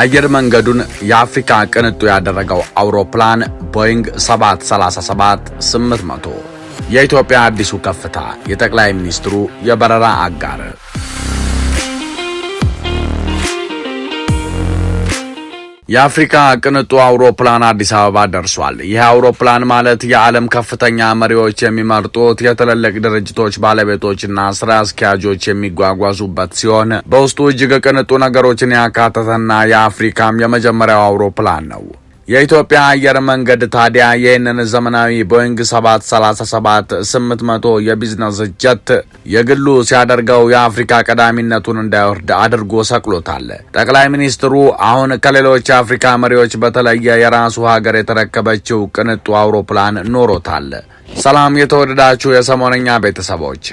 አየር መንገዱን የአፍሪካ ቅንጡ ያደረገው አውሮፕላን ቦይንግ 737-800 የኢትዮጵያ አዲሱ ከፍታ የጠቅላይ ሚኒስትሩ የበረራ አጋር የአፍሪካ ቅንጡ አውሮፕላን አዲስ አበባ ደርሷል። ይህ አውሮፕላን ማለት የዓለም ከፍተኛ መሪዎች የሚመርጡት የትልልቅ ድርጅቶች ባለቤቶችና ስራ አስኪያጆች የሚጓጓዙበት ሲሆን በውስጡ እጅግ ቅንጡ ነገሮችን ያካተተና የአፍሪካም የመጀመሪያው አውሮፕላን ነው። የኢትዮጵያ አየር መንገድ ታዲያ ይህንን ዘመናዊ ቦይንግ 737 800 የቢዝነስ ጀት የግሉ ሲያደርገው የአፍሪካ ቀዳሚነቱን እንዳይወርድ አድርጎ ሰቅሎታል። ጠቅላይ ሚኒስትሩ አሁን ከሌሎች የአፍሪካ መሪዎች በተለየ የራሱ ሀገር የተረከበችው ቅንጡ አውሮፕላን ኖሮታል። ሰላም የተወደዳችሁ የሰሞነኛ ቤተሰቦች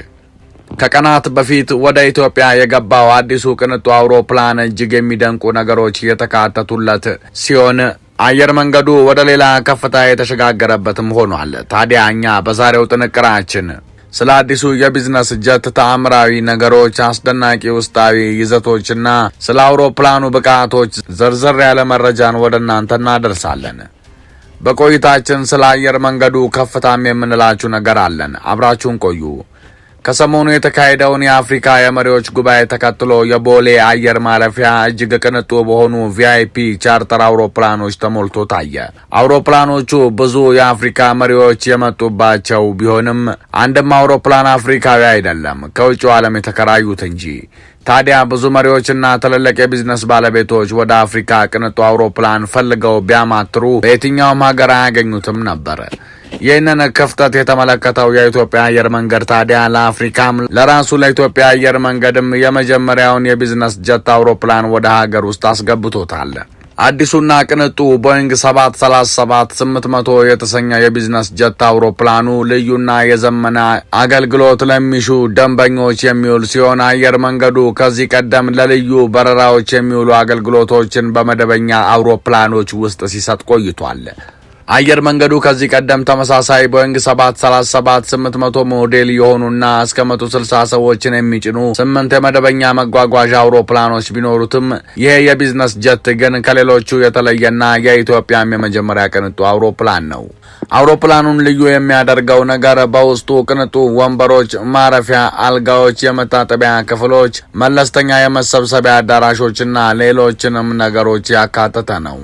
ከቀናት በፊት ወደ ኢትዮጵያ የገባው አዲሱ ቅንጡ አውሮፕላን እጅግ የሚደንቁ ነገሮች የተካተቱለት ሲሆን አየር መንገዱ ወደ ሌላ ከፍታ የተሸጋገረበትም ሆኗል። ታዲያ እኛ በዛሬው ጥንቅራችን ስለ አዲሱ የቢዝነስ ጀት ተአምራዊ ነገሮች፣ አስደናቂ ውስጣዊ ይዘቶችና ስለ አውሮፕላኑ ብቃቶች ዝርዝር ያለ መረጃን ወደ እናንተ እናደርሳለን። በቆይታችን ስለ አየር መንገዱ ከፍታም የምንላችሁ ነገር አለን። አብራችሁን ቆዩ። ከሰሞኑ የተካሄደውን የአፍሪካ የመሪዎች ጉባኤ ተከትሎ የቦሌ አየር ማረፊያ እጅግ ቅንጡ በሆኑ ቪአይፒ ቻርተር አውሮፕላኖች ተሞልቶ ታየ። አውሮፕላኖቹ ብዙ የአፍሪካ መሪዎች የመጡባቸው ቢሆንም አንድም አውሮፕላን አፍሪካዊ አይደለም፣ ከውጭው ዓለም የተከራዩት እንጂ። ታዲያ ብዙ መሪዎችና ትልልቅ የቢዝነስ ባለቤቶች ወደ አፍሪካ ቅንጡ አውሮፕላን ፈልገው ቢያማትሩ በየትኛውም ሀገር አያገኙትም ነበር። ይህንን ክፍተት የተመለከተው የኢትዮጵያ አየር መንገድ ታዲያ ለአፍሪካም ለራሱ ለኢትዮጵያ አየር መንገድም የመጀመሪያውን የቢዝነስ ጀት አውሮፕላን ወደ ሀገር ውስጥ አስገብቶታል። አዲሱና ቅንጡ ቦይንግ 737 800 የተሰኘ የቢዝነስ ጀት አውሮፕላኑ ልዩና የዘመነ አገልግሎት ለሚሹ ደንበኞች የሚውል ሲሆን አየር መንገዱ ከዚህ ቀደም ለልዩ በረራዎች የሚውሉ አገልግሎቶችን በመደበኛ አውሮፕላኖች ውስጥ ሲሰጥ ቆይቷል። አየር መንገዱ ከዚህ ቀደም ተመሳሳይ ቦይንግ 737 800 ሞዴል የሆኑና እስከ 160 ሰዎችን የሚጭኑ ስምንት የመደበኛ መጓጓዣ አውሮፕላኖች ቢኖሩትም ይሄ የቢዝነስ ጀት ግን ከሌሎቹ የተለየና የኢትዮጵያም የመጀመሪያ ቅንጡ አውሮፕላን ነው። አውሮፕላኑን ልዩ የሚያደርገው ነገር በውስጡ ቅንጡ ወንበሮች፣ ማረፊያ አልጋዎች፣ የመታጠቢያ ክፍሎች፣ መለስተኛ የመሰብሰቢያ አዳራሾችና ሌሎችንም ነገሮች ያካተተ ነው።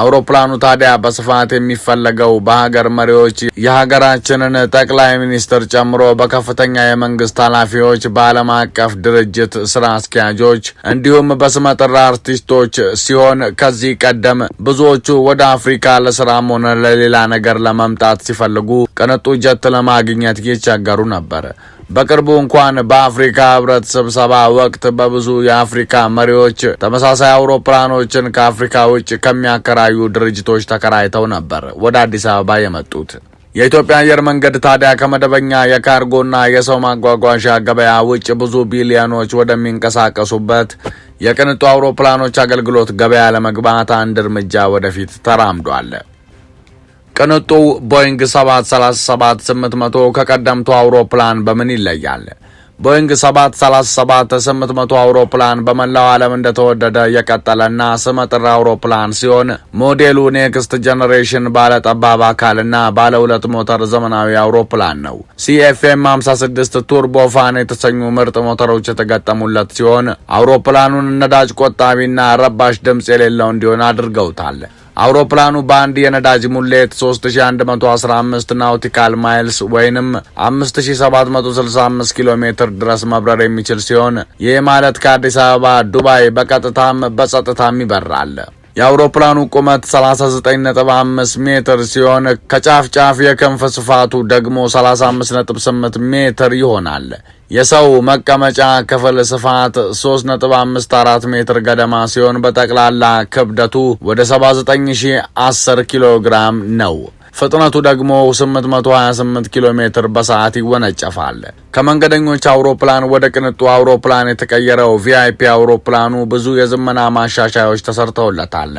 አውሮፕላኑ ታዲያ በስፋት የሚፈለገው በሀገር መሪዎች የሀገራችንን ጠቅላይ ሚኒስትር ጨምሮ በከፍተኛ የመንግስት ኃላፊዎች፣ በዓለም አቀፍ ድርጅት ስራ አስኪያጆች እንዲሁም በስመጥር አርቲስቶች ሲሆን ከዚህ ቀደም ብዙዎቹ ወደ አፍሪካ ለስራም ሆነ ለሌላ ነገር ለመምጣት ሲፈልጉ ቅንጡ ጀት ለማግኘት ይቸገሩ ነበር። በቅርቡ እንኳን በአፍሪካ ህብረት ስብሰባ ወቅት በብዙ የአፍሪካ መሪዎች ተመሳሳይ አውሮፕላኖችን ከአፍሪካ ውጭ ከሚያከራዩ ድርጅቶች ተከራይተው ነበር ወደ አዲስ አበባ የመጡት። የኢትዮጵያ አየር መንገድ ታዲያ ከመደበኛ የካርጎና የሰው ማጓጓዣ ገበያ ውጭ ብዙ ቢሊዮኖች ወደሚንቀሳቀሱበት የቅንጡ አውሮፕላኖች አገልግሎት ገበያ ለመግባት አንድ እርምጃ ወደፊት ተራምዷል። ቅንጡ ቦይንግ 737 800 ከቀደምቱ አውሮፕላን በምን ይለያል? ቦይንግ 737 800 አውሮፕላን በመላው ዓለም እንደተወደደ የቀጠለና ስመጥር አውሮፕላን ሲሆን ሞዴሉ ኔክስት ጄኔሬሽን ባለ ጠባብ አካልና ባለ ሁለት ሞተር ዘመናዊ አውሮፕላን ነው። ሲኤፍኤም 56 ቱርቦፋን የተሰኙ ምርጥ ሞተሮች የተገጠሙለት ሲሆን አውሮፕላኑን ነዳጅ ቆጣቢና ረባሽ ድምፅ የሌለው እንዲሆን አድርገውታል። አውሮፕላኑ በአንድ የነዳጅ ሙሌት 3115 ናውቲካል ማይልስ ወይንም 5765 ኪሎ ሜትር ድረስ መብረር የሚችል ሲሆን ይህ ማለት ከአዲስ አበባ ዱባይ በቀጥታም በጸጥታም ይበራል። የአውሮፕላኑ ቁመት 39.5 ሜትር ሲሆን ከጫፍ ጫፍ የክንፍ ስፋቱ ደግሞ 35.8 ሜትር ይሆናል። የሰው መቀመጫ ክፍል ስፋት 3.54 ሜትር ገደማ ሲሆን በጠቅላላ ክብደቱ ወደ 79010 ኪሎ ግራም ነው። ፍጥነቱ ደግሞ 828 ኪሎ ሜትር በሰዓት ይወነጨፋል። ከመንገደኞች አውሮፕላን ወደ ቅንጡ አውሮፕላን የተቀየረው ቪአይፒ አውሮፕላኑ ብዙ የዝመና ማሻሻያዎች ተሰርተውለታል።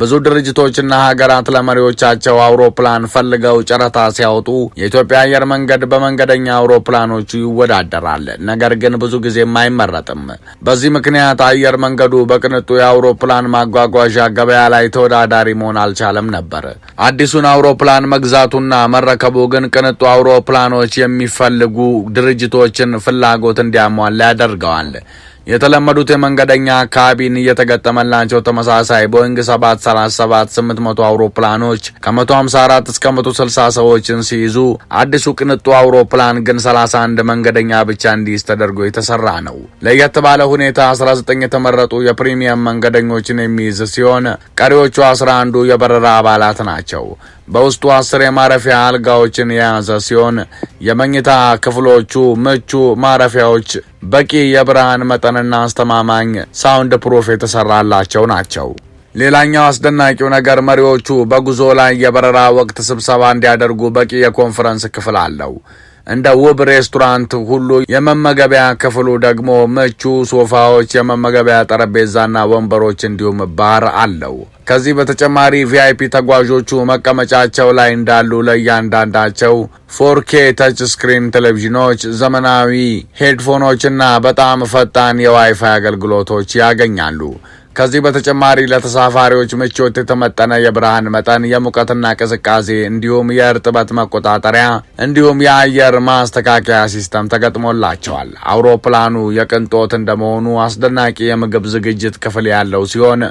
ብዙ ድርጅቶችና ሀገራት ለመሪዎቻቸው አውሮፕላን ፈልገው ጨረታ ሲያወጡ የኢትዮጵያ አየር መንገድ በመንገደኛ አውሮፕላኖቹ ይወዳደራል። ነገር ግን ብዙ ጊዜም አይመረጥም። በዚህ ምክንያት አየር መንገዱ በቅንጡ የአውሮፕላን ማጓጓዣ ገበያ ላይ ተወዳዳሪ መሆን አልቻለም ነበር። አዲሱን አውሮፕላን መግዛቱና መረከቡ ግን ቅንጡ አውሮፕላኖች የሚፈልጉ ድርጅቶችን ፍላጎት እንዲያሟላ ያደርገዋል። የተለመዱት የመንገደኛ ካቢን እየተገጠመላቸው ተመሳሳይ ቦይንግ 737 800 አውሮፕላኖች ከ154 እስከ 160 ሰዎችን ሲይዙ አዲሱ ቅንጡ አውሮፕላን ግን 31 መንገደኛ ብቻ እንዲይዝ ተደርጎ የተሰራ ነው። ለየት ባለ ሁኔታ 19 የተመረጡ የፕሪሚየም መንገደኞችን የሚይዝ ሲሆን ቀሪዎቹ 11ዱ የበረራ አባላት ናቸው። በውስጡ አስር የማረፊያ አልጋዎችን የያዘ ሲሆን የመኝታ ክፍሎቹ ምቹ ማረፊያዎች በቂ የብርሃን መጠንና አስተማማኝ ሳውንድ ፕሩፍ የተሰራላቸው ናቸው። ሌላኛው አስደናቂው ነገር መሪዎቹ በጉዞ ላይ የበረራ ወቅት ስብሰባ እንዲያደርጉ በቂ የኮንፈረንስ ክፍል አለው። እንደ ውብ ሬስቶራንት ሁሉ የመመገቢያ ክፍሉ ደግሞ ምቹ ሶፋዎች፣ የመመገቢያ ጠረጴዛና ወንበሮች እንዲሁም ባር አለው። ከዚህ በተጨማሪ ቪአይፒ ተጓዦቹ መቀመጫቸው ላይ እንዳሉ ለእያንዳንዳቸው ፎርኬ ተች ስክሪን ቴሌቪዥኖች፣ ዘመናዊ ሄድፎኖችና በጣም ፈጣን የዋይፋይ አገልግሎቶች ያገኛሉ። ከዚህ በተጨማሪ ለተሳፋሪዎች ምቾት የተመጠነ የብርሃን መጠን፣ የሙቀትና ቅዝቃዜ እንዲሁም የእርጥበት መቆጣጠሪያ እንዲሁም የአየር ማስተካከያ ሲስተም ተገጥሞላቸዋል። አውሮፕላኑ የቅንጦት እንደመሆኑ አስደናቂ የምግብ ዝግጅት ክፍል ያለው ሲሆን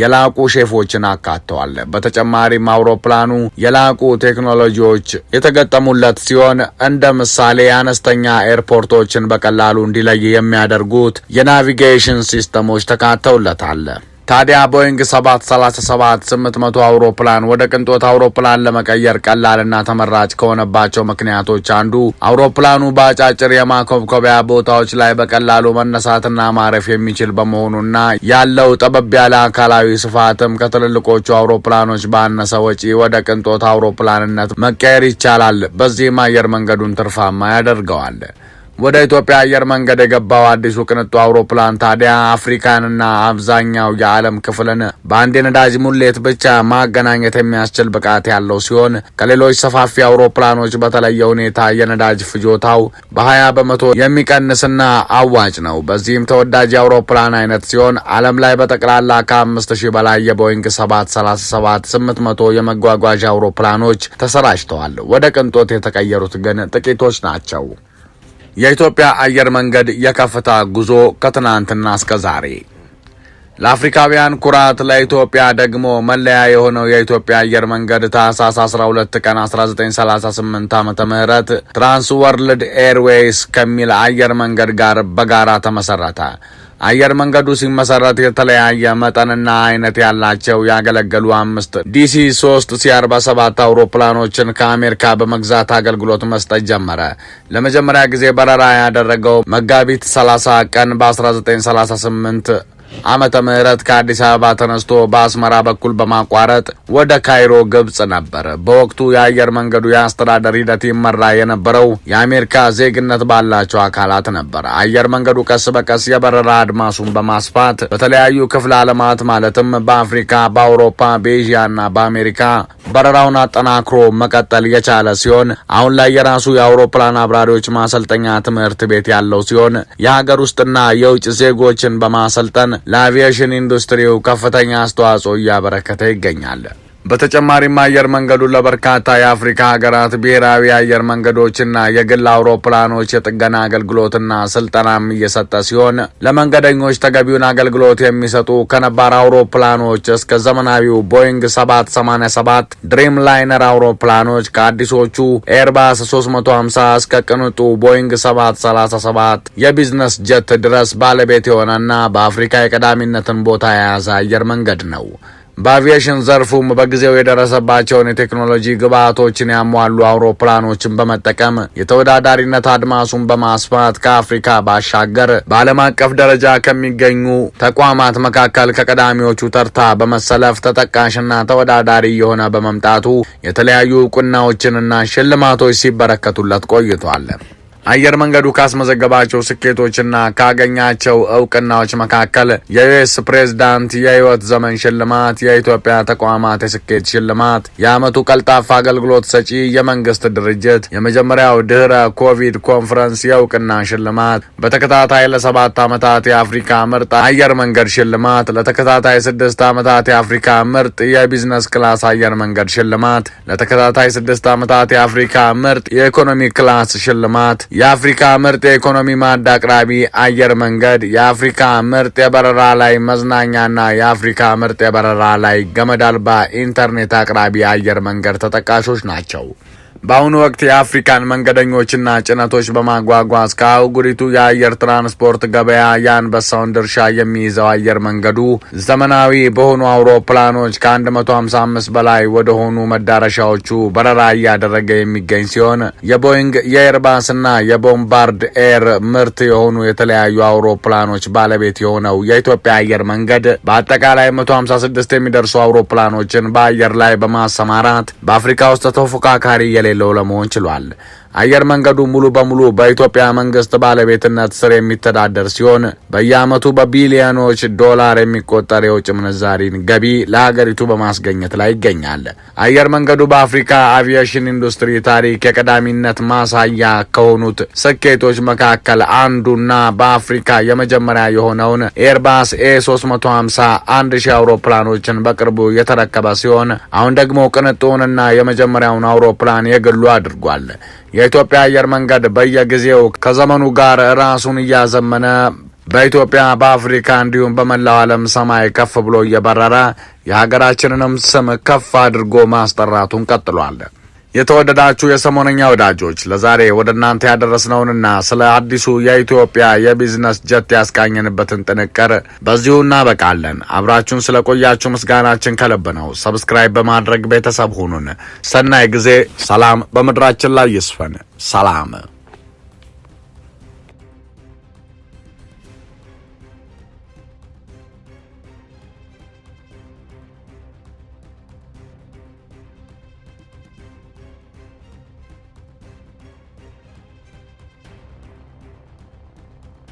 የላቁ ሼፎችን አካተዋል። በተጨማሪም አውሮፕላኑ የላቁ ቴክኖሎጂዎች የተገጠሙለት ሲሆን እንደ ምሳሌ አነስተኛ ኤርፖርቶችን በቀላሉ እንዲለይ የሚያደርጉት የናቪጌሽን ሲስተሞች ተካተውለታል። ታዲያ ቦይንግ 737 800 አውሮፕላን ወደ ቅንጦት አውሮፕላን ለመቀየር ቀላልና ተመራጭ ከሆነባቸው ምክንያቶች አንዱ አውሮፕላኑ በአጫጭር የማኮብኮቢያ ቦታዎች ላይ በቀላሉ መነሳትና ማረፍ የሚችል በመሆኑና ያለው ጠበብ ያለ አካላዊ ስፋትም ከትልልቆቹ አውሮፕላኖች ባነሰ ወጪ ወደ ቅንጦት አውሮፕላንነት መቀየር ይቻላል። በዚህም አየር መንገዱን ትርፋማ ያደርገዋል። ወደ ኢትዮጵያ አየር መንገድ የገባው አዲሱ ቅንጡ አውሮፕላን ታዲያ አፍሪካንና አብዛኛው የዓለም ክፍልን በአንድ የነዳጅ ሙሌት ብቻ ማገናኘት የሚያስችል ብቃት ያለው ሲሆን ከሌሎች ሰፋፊ አውሮፕላኖች በተለየ ሁኔታ የነዳጅ ፍጆታው በሀያ በመቶ የሚቀንስና አዋጭ ነው። በዚህም ተወዳጅ የአውሮፕላን አይነት ሲሆን ዓለም ላይ በጠቅላላ ከአምስት ሺህ በላይ የቦይንግ ሰባት ሰላሳ ሰባት ስምንት መቶ የመጓጓዣ አውሮፕላኖች ተሰራጭተዋል። ወደ ቅንጦት የተቀየሩት ግን ጥቂቶች ናቸው። የኢትዮጵያ አየር መንገድ የከፍታ ጉዞ ከትናንትና እስከ ዛሬ ለአፍሪካውያን ኩራት ለኢትዮጵያ ደግሞ መለያ የሆነው የኢትዮጵያ አየር መንገድ ታህሳስ 12 ቀን 1938 ዓ ም ትራንስ ወርልድ ኤርዌይስ ከሚል አየር መንገድ ጋር በጋራ ተመሰረተ። አየር መንገዱ ሲመሰረት የተለያየ መጠንና አይነት ያላቸው ያገለገሉ አምስት ዲሲ ሶስት ሲ አርባ ሰባት አውሮፕላኖችን ከአሜሪካ በመግዛት አገልግሎት መስጠት ጀመረ። ለመጀመሪያ ጊዜ በረራ ያደረገው መጋቢት 30 ቀን በ1938 ዓመተ ምህረት ከአዲስ አበባ ተነስቶ በአስመራ በኩል በማቋረጥ ወደ ካይሮ ግብጽ ነበር። በወቅቱ የአየር መንገዱ የአስተዳደር ሂደት ይመራ የነበረው የአሜሪካ ዜግነት ባላቸው አካላት ነበር። አየር መንገዱ ቀስ በቀስ የበረራ አድማሱን በማስፋት በተለያዩ ክፍለ ዓለማት ማለትም በአፍሪካ፣ በአውሮፓ፣ በኤዥያና በአሜሪካ በረራውን አጠናክሮ መቀጠል የቻለ ሲሆን አሁን ላይ የራሱ የአውሮፕላን አብራሪዎች ማሰልጠኛ ትምህርት ቤት ያለው ሲሆን የሀገር ውስጥና የውጭ ዜጎችን በማሰልጠን ለአቪዬሽን ኢንዱስትሪው ከፍተኛ አስተዋጽኦ እያበረከተ ይገኛል። በተጨማሪም አየር መንገዱ ለበርካታ የአፍሪካ ሀገራት ብሔራዊ መንገዶች መንገዶችና የግል አውሮፕላኖች የጥገና አገልግሎትና ስልጠናም እየሰጠ ሲሆን ለመንገደኞች ተገቢውን አገልግሎት የሚሰጡ ከነባር አውሮፕላኖች እስከ ዘመናዊው ቦይንግ 787 ድሪም ላይነር አውሮፕላኖች ከአዲሶቹ ኤርባስ 350 እስከ ቅንጡ ቦይንግ 737 የቢዝነስ ጀት ድረስ ባለቤት የሆነና በአፍሪካ የቀዳሚነትን ቦታ የያዘ አየር መንገድ ነው። በአቪዬሽን ዘርፉም በጊዜው የደረሰባቸውን የቴክኖሎጂ ግብዓቶችን ያሟሉ አውሮፕላኖችን በመጠቀም የተወዳዳሪነት አድማሱን በማስፋት ከአፍሪካ ባሻገር በዓለም አቀፍ ደረጃ ከሚገኙ ተቋማት መካከል ከቀዳሚዎቹ ተርታ በመሰለፍ ተጠቃሽና ተወዳዳሪ የሆነ በመምጣቱ የተለያዩ እውቅናዎችንና ሽልማቶች ሲበረከቱለት ቆይቷል። አየር መንገዱ ካስመዘገባቸው ስኬቶችና ካገኛቸው እውቅናዎች መካከል የዩኤስ ፕሬዝዳንት የህይወት ዘመን ሽልማት፣ የኢትዮጵያ ተቋማት የስኬት ሽልማት፣ የአመቱ ቀልጣፋ አገልግሎት ሰጪ የመንግስት ድርጅት፣ የመጀመሪያው ድህረ ኮቪድ ኮንፈረንስ የእውቅና ሽልማት፣ በተከታታይ ለሰባት ዓመታት የአፍሪካ ምርጥ አየር መንገድ ሽልማት፣ ለተከታታይ ስድስት ዓመታት የአፍሪካ ምርጥ የቢዝነስ ክላስ አየር መንገድ ሽልማት፣ ለተከታታይ ስድስት ዓመታት የአፍሪካ ምርጥ የኢኮኖሚ ክላስ ሽልማት የአፍሪካ ምርጥ የኢኮኖሚ ማዕድ አቅራቢ አየር መንገድ፣ የአፍሪካ ምርጥ የበረራ ላይ መዝናኛና የአፍሪካ ምርጥ የበረራ ላይ ገመድ አልባ ኢንተርኔት አቅራቢ አየር መንገድ ተጠቃሾች ናቸው። በአሁኑ ወቅት የአፍሪካን መንገደኞችና ጭነቶች በማጓጓዝ ከአህጉሪቱ የአየር ትራንስፖርት ገበያ የአንበሳውን ድርሻ የሚይዘው አየር መንገዱ ዘመናዊ በሆኑ አውሮፕላኖች ከ155 በላይ ወደ ሆኑ መዳረሻዎቹ በረራ እያደረገ የሚገኝ ሲሆን የቦይንግ የኤርባስና የቦምባርድ ኤር ምርት የሆኑ የተለያዩ አውሮፕላኖች ባለቤት የሆነው የኢትዮጵያ አየር መንገድ በአጠቃላይ 156 የሚደርሱ አውሮፕላኖችን በአየር ላይ በማሰማራት በአፍሪካ ውስጥ ተፎካካሪ የሌለው ለመሆን ችሏል። አየር መንገዱ ሙሉ በሙሉ በኢትዮጵያ መንግስት ባለቤትነት ስር የሚተዳደር ሲሆን በየዓመቱ በቢሊዮኖች ዶላር የሚቆጠር የውጭ ምንዛሪን ገቢ ለሀገሪቱ በማስገኘት ላይ ይገኛል። አየር መንገዱ በአፍሪካ አቪዬሽን ኢንዱስትሪ ታሪክ የቀዳሚነት ማሳያ ከሆኑት ስኬቶች መካከል አንዱና በአፍሪካ የመጀመሪያ የሆነውን ኤርባስ ኤ 350 አንድ ሺህ አውሮፕላኖችን በቅርቡ የተረከበ ሲሆን አሁን ደግሞ ቅንጡንና የመጀመሪያውን አውሮፕላን የግሉ አድርጓል። የኢትዮጵያ አየር መንገድ በየጊዜው ከዘመኑ ጋር ራሱን እያዘመነ በኢትዮጵያ በአፍሪካ እንዲሁም በመላው ዓለም ሰማይ ከፍ ብሎ እየበረረ የሀገራችንንም ስም ከፍ አድርጎ ማስጠራቱን ቀጥሏል። የተወደዳችሁ የሰሞነኛ ወዳጆች ለዛሬ ወደ እናንተ ያደረስነውንና ስለ አዲሱ የኢትዮጵያ የቢዝነስ ጀት ያስቃኘንበትን ጥንቅር በዚሁ እናበቃለን። አብራችሁን ስለ ቆያችሁ ምስጋናችን ከልብ ነው። ሰብስክራይብ በማድረግ ቤተሰብ ሁኑን። ሰናይ ጊዜ። ሰላም በምድራችን ላይ ይስፈን። ሰላም